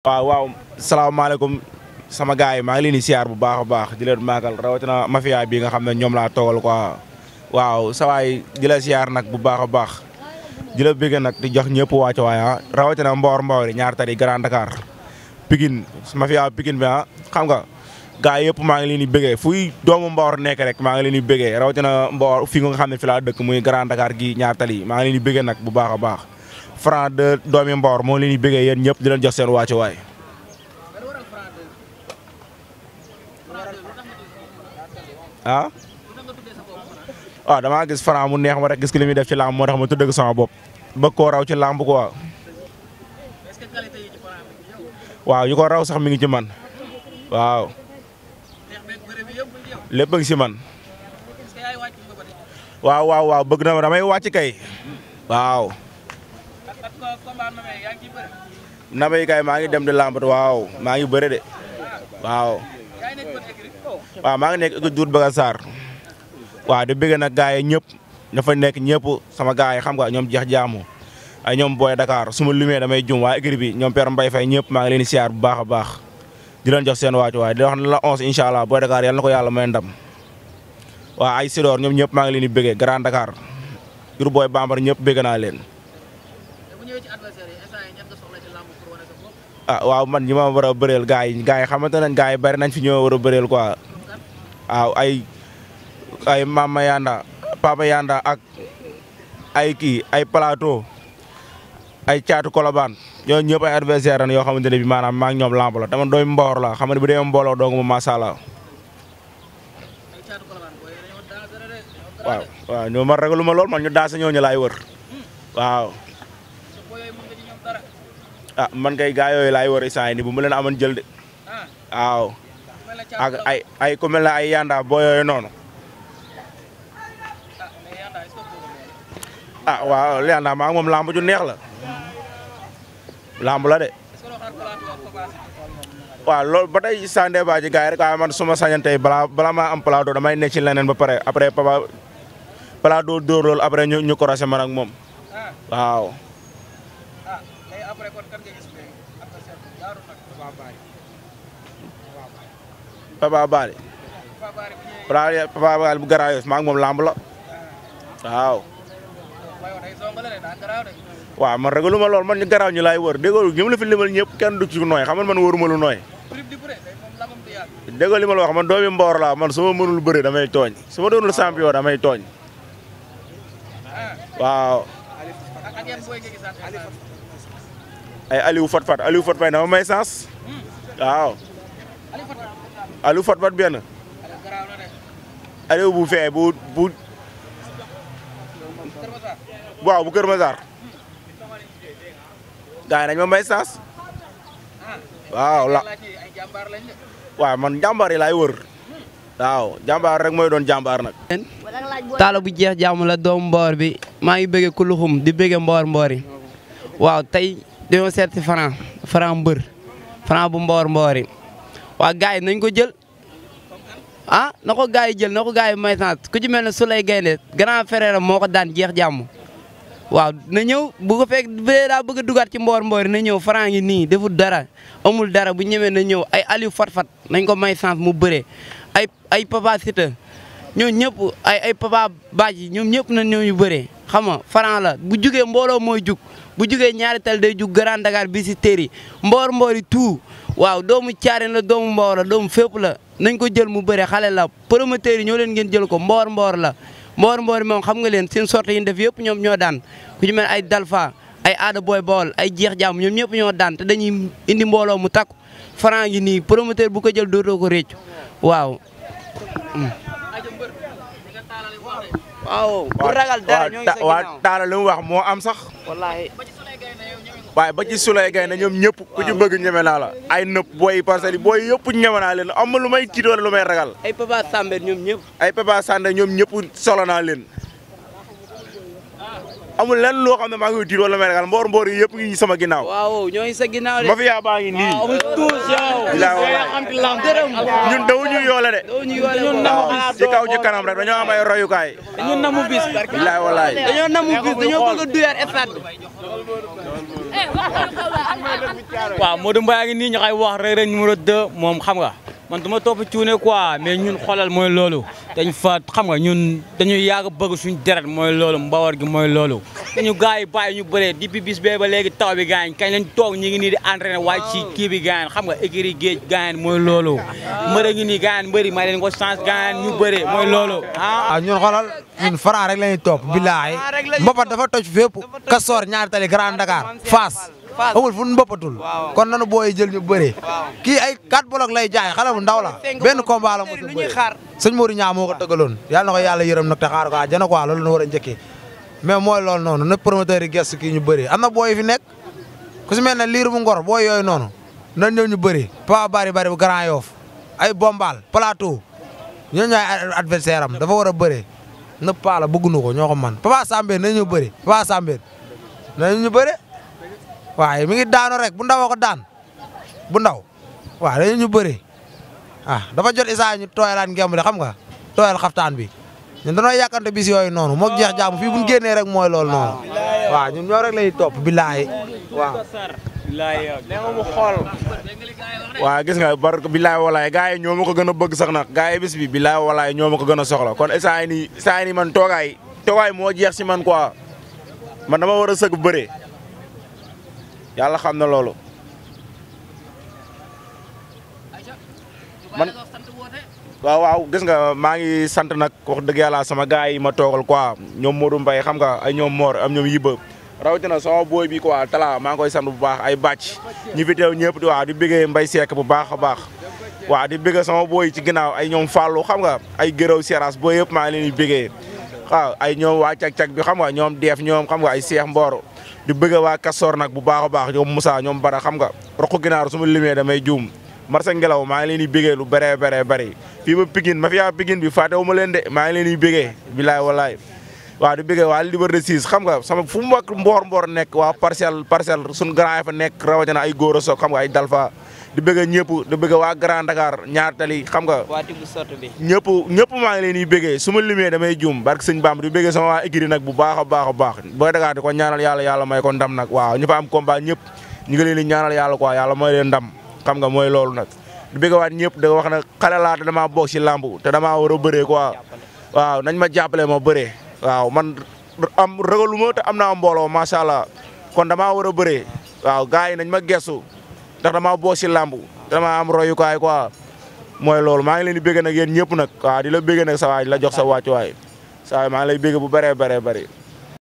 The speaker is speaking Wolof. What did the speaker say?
waaw waaw salaamaaleykum sama gars yi maa ngi leen di bu baax a baax di leen màggal rawatina mafia bi nga xam ne ñoom laa toogal quoi waaw sa waay di la siyaar nag bu baax a baax di la bëgg nag di jox ñëpp wàcc waay ah rawatina mboor mboor i ñaar tari Grand Dakar Pikine mafia bi ah xam nga gars yëpp maa ngi leen di bëggee fuy doomu mboor nekk rek maa ngi leen di bëggee rawatina mboor fi nga xam ne fi laa dëkk muy Grand Dakar gi ñaar tali maa ngi leen di nag bu baax a baax Franc de doomi Mbawar moo leen di bëggee yéen ñëpp di leen jox seen wàccuwaay. ah. waaw ah, gis Franc mu neex ma rek gis ki li muy def ci làmb moo dax ma tudd ko sama bopp. bëgg koo raw ci làmb quoi. waaw yu ko raw sax mi ngi ci man. waaw. lépp a ngi si man. waaw waaw waaw bëgg na ma damay wàcc kay. waaw. nabay kay maa ngi dem di làmbatu waaw maa ngi bëre de waaw. waaw maa ngi nekk équipe Doudou ba Sarr waa di bëgg na gars yi ñëpp dafa nekk ñëpp sama gars yi xam nga ñoom jeex jaamu ay ñoom booy Dakar su ma lumee damay jum waa équipe bi ñoom Père Mbaye Faye ñëpp maa ngi leen siyaar bu baax a baax di leen jox seen waaj waajuwaay di wax ne la 11 incha allah booy Dakar yal na ko yàlla may ndam waa ay Sidor ñoom ñëpp maa ngi leen di bëggee Grand Dakar jur booy Bambara ñëpp bëgg naa leen. ah man ñi ma war a bëreel gars yi gars yi xamante nañ fi ñoo war a bëreel quoi waaw ay ay Mama Yanda Papa Yanda ay kii ay plateau ay caatu kolobaan ñoo ñëpp ay yoo xamante ne bi maanaam maa ngi ñoom lamb la dama doy la xam ne bu dee mbooloo dong ma macha ñoo ma ragalu lool man ñu daasa ñoo ñu waaw ah man kay gaa yooyu laay war a saa bu ma leen amoon jël de ah. waaw ak ay ay ku mel ne ay yanda boo yooyu noonu ah, ah, waaw yanda maa moom lamb ju neex la lamb la de waaw loolu ba tey sànde baa ji gars man suma sañantey balaa balaa maa am plateau damay ne ci leneen ba pare après papa plateau dóor loolu après ñu ñu croisé moom waaw Papa Bari Papa Bari bu Grand Yoff maa ngi moom làmb la ah. waaw. waaw man ragalu ma lool man ñu garaaw ñu laay wër déggoo ñoom la fi limal ñëpp kenn du ci nooy xam man wëruma lu nooy. déggoo li ma la wax man doomi mboor laa man su ma mënul bëre damay tooñ su ma doonul champion damay ah. waaw. ay Aliou Fatfat Aliou Fatfat dama may sens waaw bu fee bu bu waaw bu Kër Massar gaa yi ma may waaw la waaw man jàmbaar yi laay wër waaw jàmbaar rek mooy doon jàmbaar nag. taala bu jeex jàmm la doomu mboor bi maa ngi bëgg kuluxum di bëgg mboor mboor waaw tey. dañoo seet si Franc Franc mbër Franc bu mboor mboori waa gars yi nañ ko jël ah na ko gars yi jël na ko gars yi may ku ci mel ne Souley Gaynde grand frère moo ko daan jeex jàmm waaw na ñëw bu ko fekk bu daa bëgg a dugaat ci mboor mboori na ñëw Franc yi nii deful dara amul dara bu ñemee na ñëw ay Aliou Fatfat nañ ko may sant mu bëree ay ay Papa Sita ñoo ñëpp ay Papa Badji ñoom ñëpp na ñëw ñu bëree xam nga Franc la bu jugee mbooloo mooy jug bu jugee ñaari tal day jug Grand Dakar bi si téer yi mboor mboor yi tout waaw doomu caaren la doomu mboor la doomu fépp la nañ ko jël mu bëre xale la promoteur yi ñoo leen ngeen jël ko mboor mboor la mboor mboor moom xam nga leen seen sorte yi def yëpp ñoom ñoo daan ku ci ay dalfa ay aada booy bool ay jeex jàmm ñoom ñëpp ñoo daan te dañuy indi mbooloo mu takk Franc gi nii promoteur bu ko jël dootoo ko réccu waaw mm. waaw bu ragal dara ñoo taala li moo am sax. wallaahi. waaye ba ci Souley Gaye na ñoom ñëpp. ku ci bëgg ñeme naa la. ay nëpp booy parcelles yi booy yëpp ñeme naa leen am lu may tiit lu may ragal. ay Papa Sambé ñoom ñëpp. ay Papa Sambé ñoom ñëpp solo naa leen. amul lenn loo xam ne maa ngi tiit wala mel mboor mboor yi yëpp ngi sama ginnaaw. waaw ñoo ngi sa ginnaaw de. ma fi yaa baa ngi nii. waaw tuus yow. ñun daw ñu yoole de. ñun namu bis ci kaw ci kanam rek dañoo am ay royukaay. ñun namu bis. bilaay walaay dañoo namu bis dañoo bëgg a duyaat stade bi. Eh, waaw Modou Mbaye a ngi nii ñu koy wax Reug Reug numéro 2 moom xam nga. man du ma topp cuune quoi mais ñun xoolal mooy loolu dañ fa xam nga ñun dañuy yàgg bëgg suñu deret mooy loolu mbawar gi mooy loolu dañu gars yi bàyyi ñu bëre depuis bis bee ba léegi taw bi gaañ kañ lañ toog ñu ngi nii di entraîné waaye ci kii bi gaañ xam nga écrit géej gaañ mooy loolu mbër ngi nii gaañ mbëri may leen ko chance gaañ ñu bëree mooy loolu ah, ah ñun xoolal ñun Franc rek lañuy topp bilaay mbopat dafa toj fépp Kasoor ñaari tali Grand Dakar Fass amul fu mboppatul kon nanu booy jël ñu bëree kii ay 4 bloc lay jaay xale bu ndaw la benn combat la mosul bëri sëñ Modou Niang moo ko tëggaloon yàlla na ko yàlla yërëm nag te xaar ko àjjana quoi loolu na war a njëkkee mooy loolu noonu na promoteur yi gestu kii ñu bëree am na booy fi nekk ku si mel ne liir bu ngor booy yooyu noonu nan ñëw ñu bëri pa bari bari bu Grand Yoff ay bombal plateau ñoo ñaay adversaire am dafa war a bëree na paala bëgguñu ko ñoo ko man Papa Sambène nañu bëri Papa waaye mi ngi daano rek bu ndaw ko daan bu ndaw waaw dañu ñu bëri ah dafa jot Issa ñu tooyalaan ngemb li xam nga tooyal xaftaan bi ñun dañoo yàkkante bis yooyu noonu moog jeex jaamu fii bu ñu génnee rek mooy loolu noonu waa ñun ñoo rek lañuy topp billaahi waaw. waaw gis nga bar billaay walaay gars yi ñoo ma ko gën a bëgg sax nag gars yi bis bi billaay walaay ñoo ma ko gën soxla kon saa yi nii saa yi man toogaay toogaay moo jeex si man quoi man dama war a sëg bëree. yàlla xam na loolu man waaw waaw gis nga maa ngi sant nag wax dëgg yàlla sama gars yi ma toogal quoi ñoom Modou Mbaye xam nga ay ñoom Mor am ñoom Yiba rawatina sama booy bi quoi tala maa ngi koy sant bu baax ay bàcc ñi fi teew ñëpp di waaw di bëggee Mbaye Seck bu baax a baax waaw di bëggee sama booy ci ginnaaw ay ñoom Fallou xam nga ay Géraw Seras booy yëpp maa ngi leen di ay ñoom waa cag-cag bi xam nga ñoom Def ñoom xam nga ay Seex Mboro di bëgga waa Kastoor nag bu baax baax ñoom Moussa ñoom Bara xam nga roq ginaar su ma limee damay juum marché ngelaw maa ngi leen di bëggee lu bëree bëree bëri fii ba Pikine ma fiyaa Pikine bi fàttewu ma leen de maa ngi leen di bëggee bilaay walaay waa di bëggee waa Liberté 6 xam nga sama fu mu mboor mboor nekk waa parcelle parcelle suñu grand yi fa nekk rawatina ay góor a soog xam nga ay dalfa di bëgg ñëpp di bëgg waa Grand Dakar ñaar tali xam nga. waa diggu sott bi. ñëpp ñëpp maa ngi leen di bëggee su ma limee damay juum barke sëñ Bamba di bëggee sama waa écurie nag bu baax a baax a baax booy di ko ñaanal yàlla yàlla may ko ndam nag waaw ñu am combat ñëpp ñu ngi leen di ñaanal yàlla quoi yàlla may leen ndam xam nga mooy loolu nag di bëgg waat ñëpp da wax nag xale laa te damaa bokk si te damaa war a bëree quoi waaw nañ ma jàppale ma bëree waaw man am ragaluma te am naa mbooloo macha allah kon damaa war a bëree waaw gars yi nañ ma gestu ndax damaa boo si làmb damaa am royukaay quoi mooy loolu maa ngi leen di bégg nag yéen ñëpp nag waaw di la bégg nag sa waay la jox sa wàccuwaay saa maa ngi lay bégg bu bëree bëree bëri